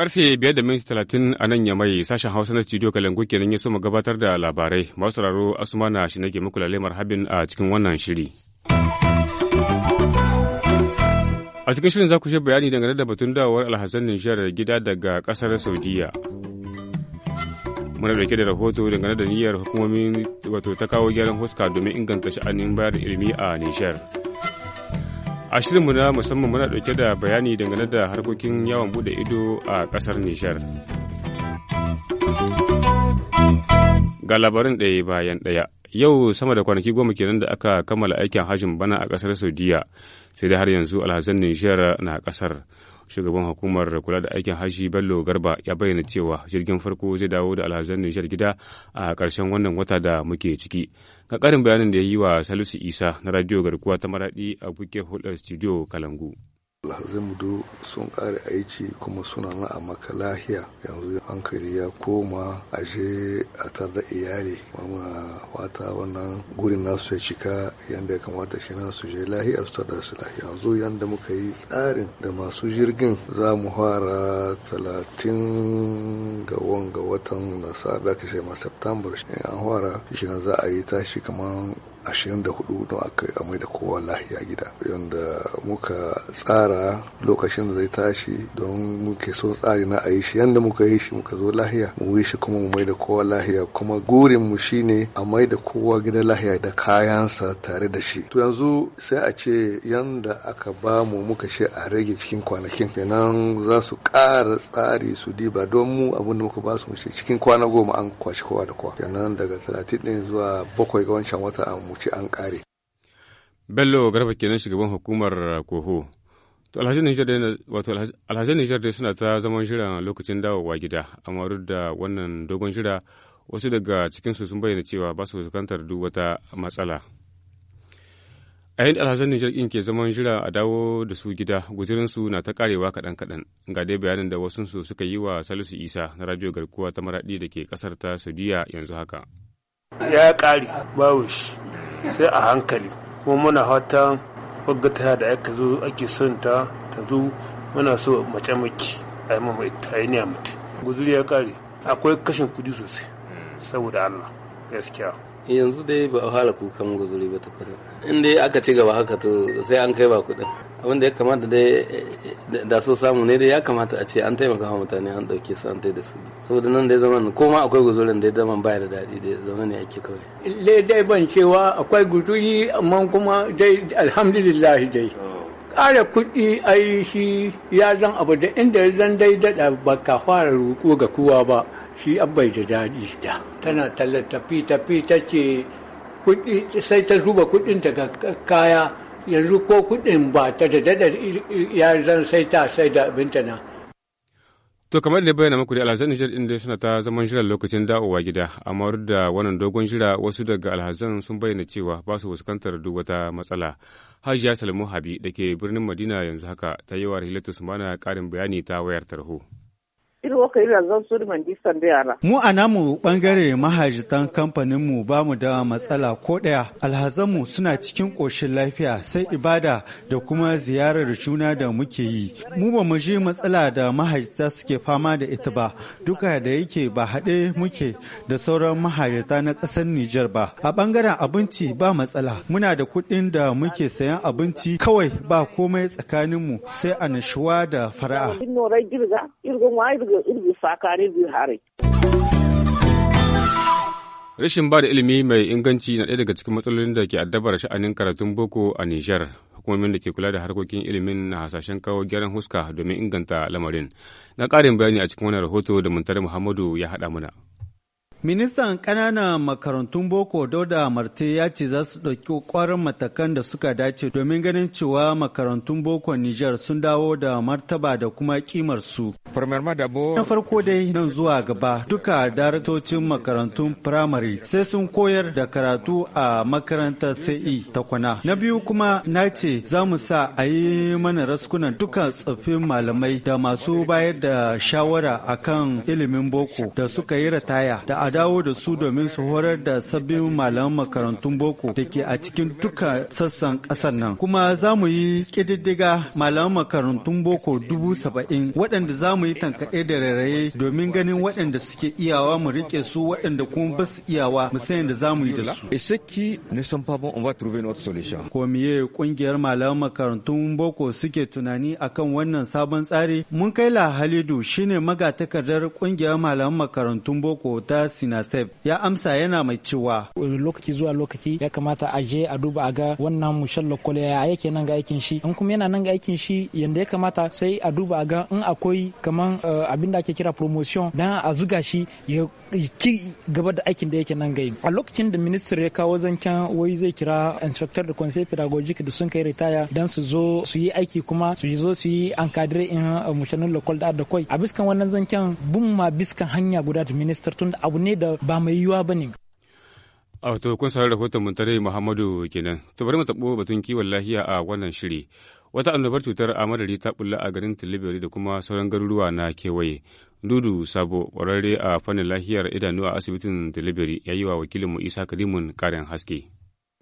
Karfe biyar da minti talatin a nan ya mai sashen Hausa na studio Kalangu kenan ya soma gabatar da labarai. Masu sauraro Asumana shi nake muku lalemar habin a cikin wannan shiri. A cikin shirin za ku shi bayani dangane da batun dawowar alhassan Nijar gida daga kasar Saudiya. Muna dauke da rahoto dangane da niyyar hukumomin wato ta kawo gyaran huska domin inganta sha'anin bayar ilimi a Nijar. a shirinmu na musamman muna dauke da bayani dangane da harkokin yawon buɗe ido a ƙasar nijar ga labarin ɗaya bayan ɗaya yau sama da kwanaki goma kenan da aka kammala aikin hajjin bana a ƙasar saudiya sai da har yanzu alhazan nijar na kasar shugaban hukumar kula da aikin haji bello garba ya bayyana cewa jirgin farko zai dawo da alhazan nijar gida a ƙarshen wannan wata da muke ciki Ga ƙarin bayanin da ya yi wa Salisu Isa na Radio Garkuwa ta Maraɗi a buke hulɗar Studio Kalangu. alhazan do sun kare aiki kuma suna nan a maka lahiya yanzu hankali ya koma aje a tar da iyali muna fata wannan gurin nasu ya cika yadda ya kamata shi nan su je lahiya su tada su lahiya yanzu yadda muka yi tsarin da masu jirgin za mu fara talatin ga wanga watan nasa da ka sai ma september an fara shi za a yi tashi kamar hudu don aka amai da kowa lahiya gida yadda muka tsara lokacin da zai tashi don muke so tsari na a yi shi yadda muka yi shi muka zo lahiya mu yi shi kuma mu mai da kowa lahiya kuma gurin mu shine a mai da kowa gida lahiya da kayansa tare da shi to yanzu sai a ce yanda aka ba mu muka shi a rage cikin kwanakin kenan za su ƙara tsari su diba don mu abin da muka ba su mu cikin kwana goma an kwashi kowa da kowa kenan daga talatin din zuwa bakwai ga wancan wata mu an kare bello garba kenan shugaban hukumar koho to alhazin nijar dai suna ta zaman shirin lokacin dawowa gida amma duk da wannan dogon shira wasu daga cikinsu sun bayyana cewa ba su fuskantar duk wata matsala a yin alhazan nijar ɗin ke zaman jira a dawo da su gida guzurinsu na ta karewa kaɗan kaɗan ga dai bayanin da wasunsu suka yi wa salisu isa na radio garkuwa ta maraɗi da ke ƙasar ta saudiya yanzu haka ya ƙare bawo shi sai a hankali kuma muna fatan waggata da aka zo ake son ta ta zo muna so mace maki a yi mamma ita a yi niya mutu guzuri ya kare akwai kashin kudi sosai saboda allah gaskiya yanzu dai ba a fara kukan guzuri ba ta kudin in dai aka ci gaba haka to sai an kai ba kudin abinda da ya kamata dai da so samu ne dai ya kamata a ce an taimaka wa mutane an ɗauke su an tai da su saboda nan dai zaman ko ma akwai guzurin dai zaman baya da daɗi dai zaman ne ake kawai. le dai ban cewa akwai guzuri amma kuma dai alhamdulillah dai. ƙara kuɗi ai shi ya zan abu da inda zan dai daɗa ba ka fara roƙo ga kowa ba shi abai da daɗi da tana tallata tafi ta ce kuɗi sai ta zuba ta ga kaya yanzu ko kuɗin ba ta da dada ya zan sai ta sai da abinta na. To kamar da bayyana muku da alhazan Nijar ɗin suna ta zaman jiran lokacin dawowa gida, amma da wannan dogon jira wasu daga alhazan sun bayyana cewa ba su fuskantar duk wata matsala. Hajiya Salmu Habi da ke birnin Madina yanzu haka ta yi wa Rahilatu Sumana ƙarin bayani ta wayar tarho. ka yi ranzan su da yara mu a namu bangare mahajitan kamfanin mu ba mu da matsala ko ɗaya. alhazan mu suna cikin koshin lafiya sai ibada da kuma ziyarar juna da muke yi mu ba mu je matsala da mahajita suke fama da ita ba duka da yake ba haɗe muke da sauran mahajita na ƙasar Nijar ba a bangaren abinci ba matsala muna da kuɗin da muke sayan abinci kawai ba komai tsakaninmu sai annashuwa da fara'a ilimi fakarin biyu hare. Rashin ba da ilimi mai inganci na ɗaya daga cikin matsalolin da ke addabar sha'anin karatun boko a Nijar. Hukumomin da ke kula da harkokin ilimin na hasashen kawo gyaran huska domin inganta lamarin. Na ƙarin bayani a cikin wannan rahoto da Muntari Muhammadu ya haɗa mana. Ministan ƙananan makarantun Boko Dauda Marte ya ce za su ɗauki ƙwarin matakan da suka dace domin ganin cewa makarantun Boko Nijar sun dawo da martaba da kuma kimar su. Na farko dai nan zuwa gaba duka daratocin makarantun firamare sai sun koyar da karatu a makarantar sai e ta kwana. Na biyu kuma na ce za mu sa a yi mana raskunan duka tsoffin malamai da masu bayar da shawara akan ilimin boko da suka yi rataya da a dawo da su domin su horar da sabbin malaman makarantun boko da ke a cikin duka sassan kasar nan. Kuma za mu yi kididdiga malaman makarantun boko dubu saba'in waɗanda za mu yi tankaɗe da rairaye domin ganin waɗanda suke iyawa mu riƙe su waɗanda kuma ba su iyawa mu san yadda za mu yi da su. Ko miye ƙungiyar malaman makarantun boko suke tunani akan wannan sabon tsari? Mun kai la Halidu shine magatakardar ƙungiyar malaman makarantun boko ta sinasef ya amsa yana mai cewa lokaci zuwa lokaci ya kamata a je a duba a ga wannan mushalla kwale ya yake nan ga aikin shi in kuma yana nan ga aikin shi yanda ya kamata sai a duba a ga in akwai kamar eh, abin da ake kira promotion dan a zuga shi ya ki gaba da aikin da yake nan ga a lokacin da minister ya kawo zancen wai zai kira inspector da conseil pedagogic da sun kai ritaya dan su zo su yi aiki kuma su zo su yi an kadire in eh, mushannin lokal da da koi a biskan wannan zancen bin ma biskan hanya guda da minister tun abu ne ne da ba mai yiwuwa ba ne. a to kun mun rahoton muntare muhammadu kenan to bari mu tabo batun kiwon lafiya a wannan shiri wata annobar cutar amadari ta bulla a garin tilibiri da kuma sauran garuruwa na kewaye dudu sabo kwararre a fannin lafiyar idanu a asibitin tilibiri ya yi wa wakilinmu isa karimun karin haske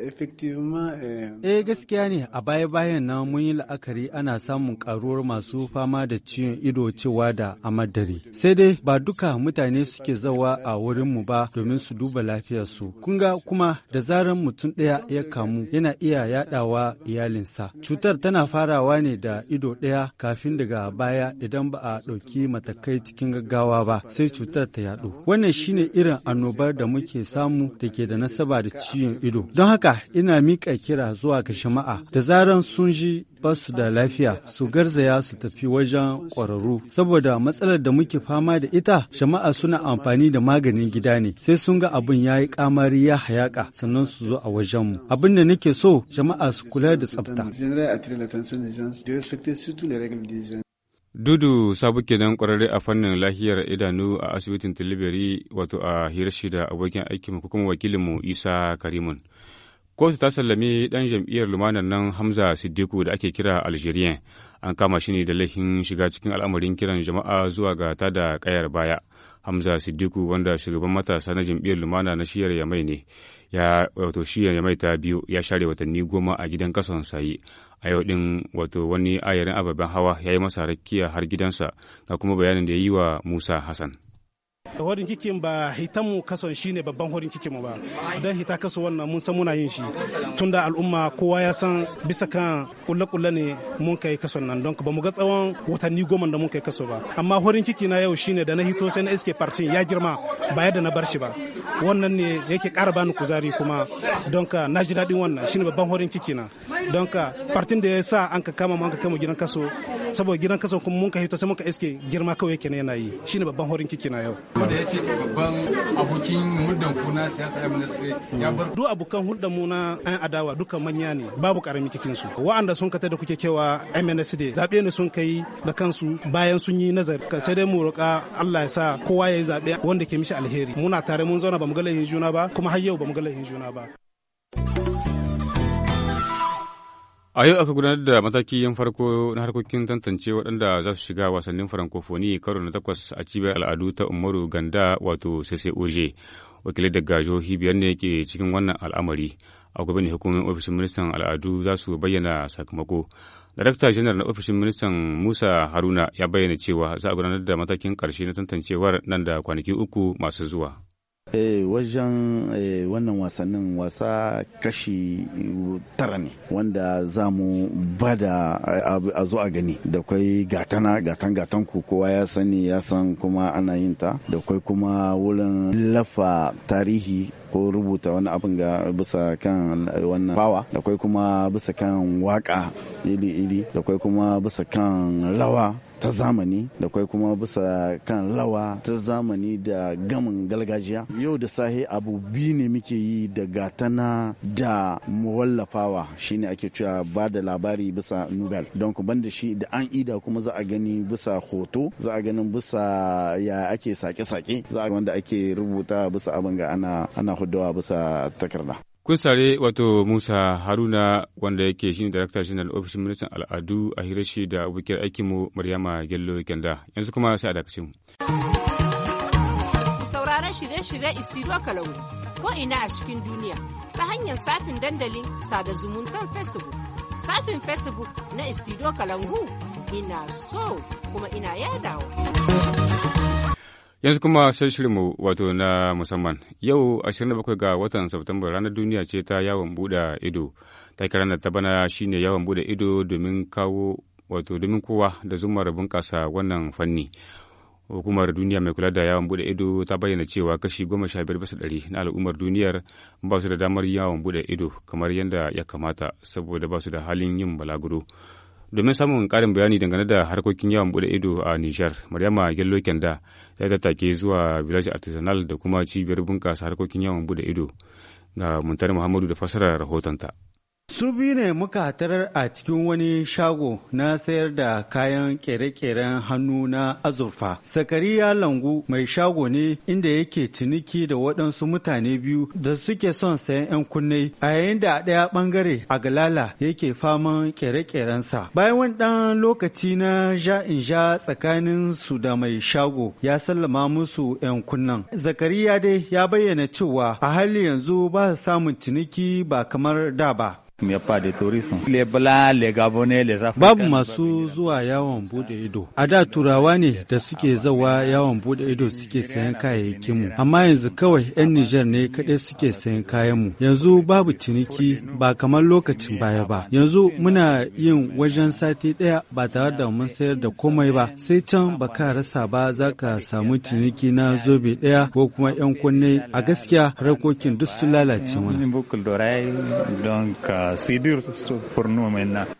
Eh, eh gaskiya ne a baya-bayan nan mun yi la'akari ana samun karuwar masu fama da ciwon ido cewa da amadare. Sai dai ba duka mutane suke zawa a wurinmu ba domin su duba lafiyarsu. Kun ga kuma da zarar mutum ɗaya ya kamu yana iya yaɗawa iyalinsa. Cutar tana farawa ne da ido ɗaya kafin daga baya idan ba a ɗauki matakai cikin gaggawa ba sai cutar ta yaɗu. Wannan shine irin annobar da muke samu da ke da nasaba da ciwon ido. Don haka haka ina mika kira zuwa ga jama'a da zaran sun ji basu da lafiya su garzaya su tafi wajen ƙwararru saboda matsalar da muke fama da ita jama'a suna amfani da maganin gida ne sai sun ga abin ya yi kamari ya hayaka sannan su zo a wajenmu abin da nake so jama'a su kula da tsafta Dudu sabu kenan kwararre a fannin lahiyar idanu a asibitin Tilibiri wato a shida da abokin aikinmu ko kuma wakilinmu Isa Karimun. kotu ta sallami ɗan jam'iyyar lumanar nan hamza siddiku da ake kira algeria an kama shi ne da laifin shiga cikin al'amarin kiran jama'a zuwa ga da kayar baya hamza siddiku wanda shugaban matasa na jam'iyyar lumana na shiyar yamai ne ya wato shiyar yamai ta biyu ya share watanni goma a gidan kasan sayi a yau din wato wani ayarin ababen hawa ya yi masa rakiya har gidansa ga kuma bayanin da ya yi wa musa hassan horin kikin ba hita mu kason shine babban horin kikin mu ba dan hita kaso wannan mun san muna yin shi tunda al'umma kowa ya san bisa kan kulle kulle ne mun kai kason nan don ba mu ga tsawon watanni goma da mun kai kaso ba amma horin kiki na yau shine da na hito sai na iske partin ya girma ba yadda na bar shi ba wannan ne yake ƙara bani kuzari kuma don ka na ji daɗin wannan shine babban horin kiki na don ka partin da ya sa an ka kama mu an ka kama gidan kaso saboda gidan kasan kuma mun ka hito sai mun ka iske girma kawai yake yana yi shine babban horin kiki na yau da ya ce babban abokin huldan ku na siyasa ya ministry ya bar duk abokan huldan mu na an adawa duka manya ne babu karami kikin su wa'anda sun ka da kuke kewa MNSD zabe ne sun kai da kansu bayan sun yi nazari sai dai mu roƙa Allah ya sa kowa ya yi zabe wanda ke mishi alheri muna tare mun zauna ba mu ga juna ba kuma har yau ba mu ga juna ba A yau aka gudanar da matakin farko na harkokin tantance waɗanda za su shiga wasannin farankofoni karo na takwas a cibiyar al'adu ta Umaru Ganda wato CCOJ. Wakilai daga jihohi biyar ne ke cikin wannan al'amari. A gobe ne hukumomin ofishin ministan al'adu za su bayyana sakamako. Darakta janar na ofishin ministan Musa Haruna ya bayyana cewa za a gudanar da matakin ƙarshe na tantancewar nan da kwanaki uku masu zuwa. eh wajen eh, wannan wasannin wasa kashi tara ne wanda za mu ba da eh, a zo a gani da kwai gatana gatan gatan ku kowa ya sani ya san kuma ana yin ta da kwai kuma wurin lafa tarihi ko rubuta wani abin ga bisa kan eh, wannan fawa da kwai kuma bisa kan waka iri-iri da kwai kuma bisa kan rawa ta zamani da kwai kuma bisa kan lawa ta zamani da gamin galgajiya yau da sahi abu biyu ne muke yi da gatana da muwallafawa shine ake cewa ba da labari bisa nugal don ku banda shi da an ida kuma za a gani bisa hoto za a ganin bisa ya ake sake-sake za a wanda ake rubuta bisa abin ga ana hudawa bisa takarda Kun sare wato Musa Haruna wanda yake shine Darakta Janar Ofishin Ministan Al'adu a Hirashi da abokiyar aikinmu Maryama Gello Kenda. Yanzu kuma sai a dakace mu. Sauraron shirye-shirye Isidro Kalau ko ina a cikin duniya ta hanyar safin dandalin sada zumuntar Facebook. Safin Facebook na Isidro Kalangu ina so kuma ina yadawa. Yanzu kuma sai shirinmu wato na musamman. Yau 27 ga watan Satumba ranar duniya ce ta yawon buɗe ido. Takirar da ta bana shine yawon buɗe ido domin kawo wato domin kowa da zumar bunƙasa wannan fanni. hukumar duniya mai kula da yawon bude ido ta bayyana cewa kashi goma sha biyar bisa ɗari na al'ummar duniyar ba su da damar yawon bude ido kamar yadda ya kamata saboda ba su da halin yin balaguro Domin samun karin bayani dangane da harkokin yawon bude ido a Nijar, Maryama Gello Kenda ta tattake zuwa Village Artisanal da kuma cibiyar bunƙasa harkokin yawon bude ido ga muntar Muhammadu da fassarar rahotonta. Su biyu ne muka tarar a cikin wani shago na sayar da kayan kere-keren hannu na azurfa. Sakariya Langu mai shago ne inda yake ciniki da waɗansu mutane biyu da suke son sayan 'yan kunne a yayin da a ɗaya ɓangare a galala yake faman kere-kerensa. Bayan wani ɗan lokaci na ja in ja tsakanin su da mai shago ya sallama musu 'yan Zakari Zakariya dai ya bayyana cewa a hali yanzu ba samun ciniki ba kamar da ba. Babu masu zuwa yawon bude ido. A da turawa ne da suke zawa yawon bude ido suke sayan mu Amma yanzu kawai 'yan Nijar ne kaɗai suke sayan mu Yanzu babu ciniki ba kamar lokacin baya ba. Yanzu muna yin wajen sati ɗaya ba tare da mun sayar da komai ba. Sai can ba ka rasa ba za ka samu ciniki na zobe ɗaya ko kuma 'yan kunne a gaskiya harkokin duk sun lalace mana.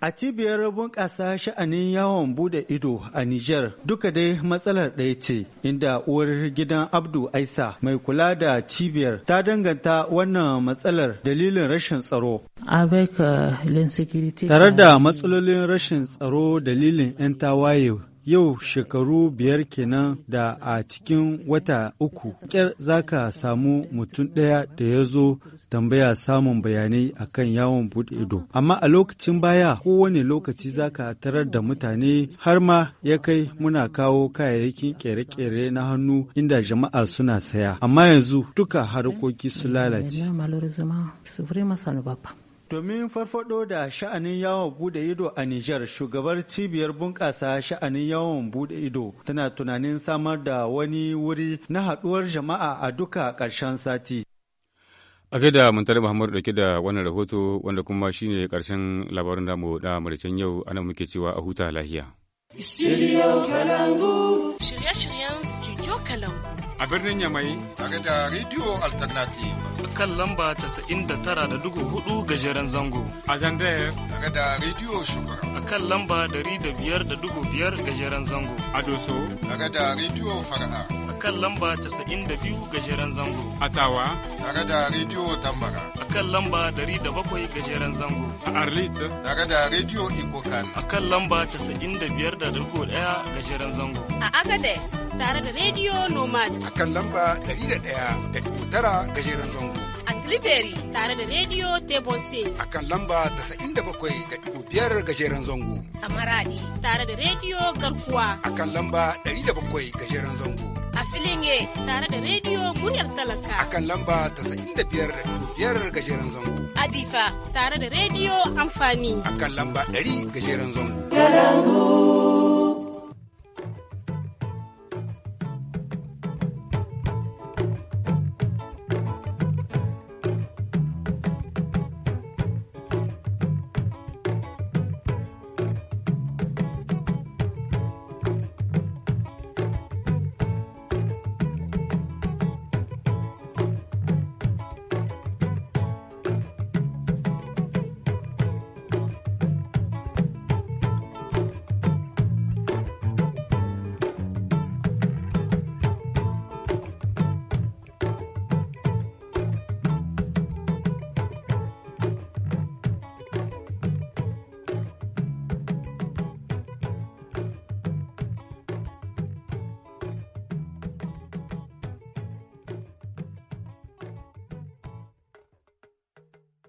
A cibiyar bunƙasa sha'anin yawon bude ido a Nijar duka dai matsalar ɗaya ce inda uwar gidan Abdu Aisa mai kula da cibiyar ta danganta wannan matsalar dalilin rashin tsaro. Euh, Tare da matsalolin rashin tsaro dalilin 'yan tawaye yau shekaru biyar kenan da a cikin wata uku ƙyar za ka samu mutum ɗaya da ya zo tambaya samun bayanai akan yawon bude ido. Amma a lokacin baya kowane lokaci zaka ka tarar da mutane har ma ya kai muna kawo kayayyakin kere-kere na hannu inda jama'a suna saya. Amma yanzu duka harkoki su lalace. Domin farfado da sha'anin yawon bude ido a Nijar, shugabar cibiyar bunƙasa sha'anin yawon bude ido tana tunanin samar da wani wuri na haɗuwar jama'a a duka ƙarshen sati. A gaida Muntari Muhammadu dauke da wannan rahoto wanda kuma shine karshen labarin mu na maraicen yau ana muke cewa a huta lahiya. Studio Kalangu. Shirye-shiryen Studio Kalangu. A birnin Yamai. Tare da Radio Alternative. A kan lamba da tara da dugu hudu gajeren zango. A Zandaya. Tare da Radio Sugar. A kan lamba dari da biyar da dugu biyar gajeren zango. A Doso. Tare da Radio Fara'a. kan lamba 92 gajeren zango. A Tawa. Tare da rediyo Tambara. A kan lamba 107 gajeren zango. A Arlita. Tare da rediyo Ikokan. A kan lamba 95.1 gajeren zango. A Agades. Tare da rediyo Nomad. A kan lamba 101.9 gajeren zango. A Tilibiri. Tare da Radio Tebose. A kan lamba 97.5 gajeren zango. A Maradi. Tare da Radio Garkuwa. A kan lamba 107 gajeren zango. a filin ye tare da rediyo muryar talaka akan lamba ta da biyar da biyar gajeren zango adifa tare da rediyo amfani akan lamba ɗari gajeren zango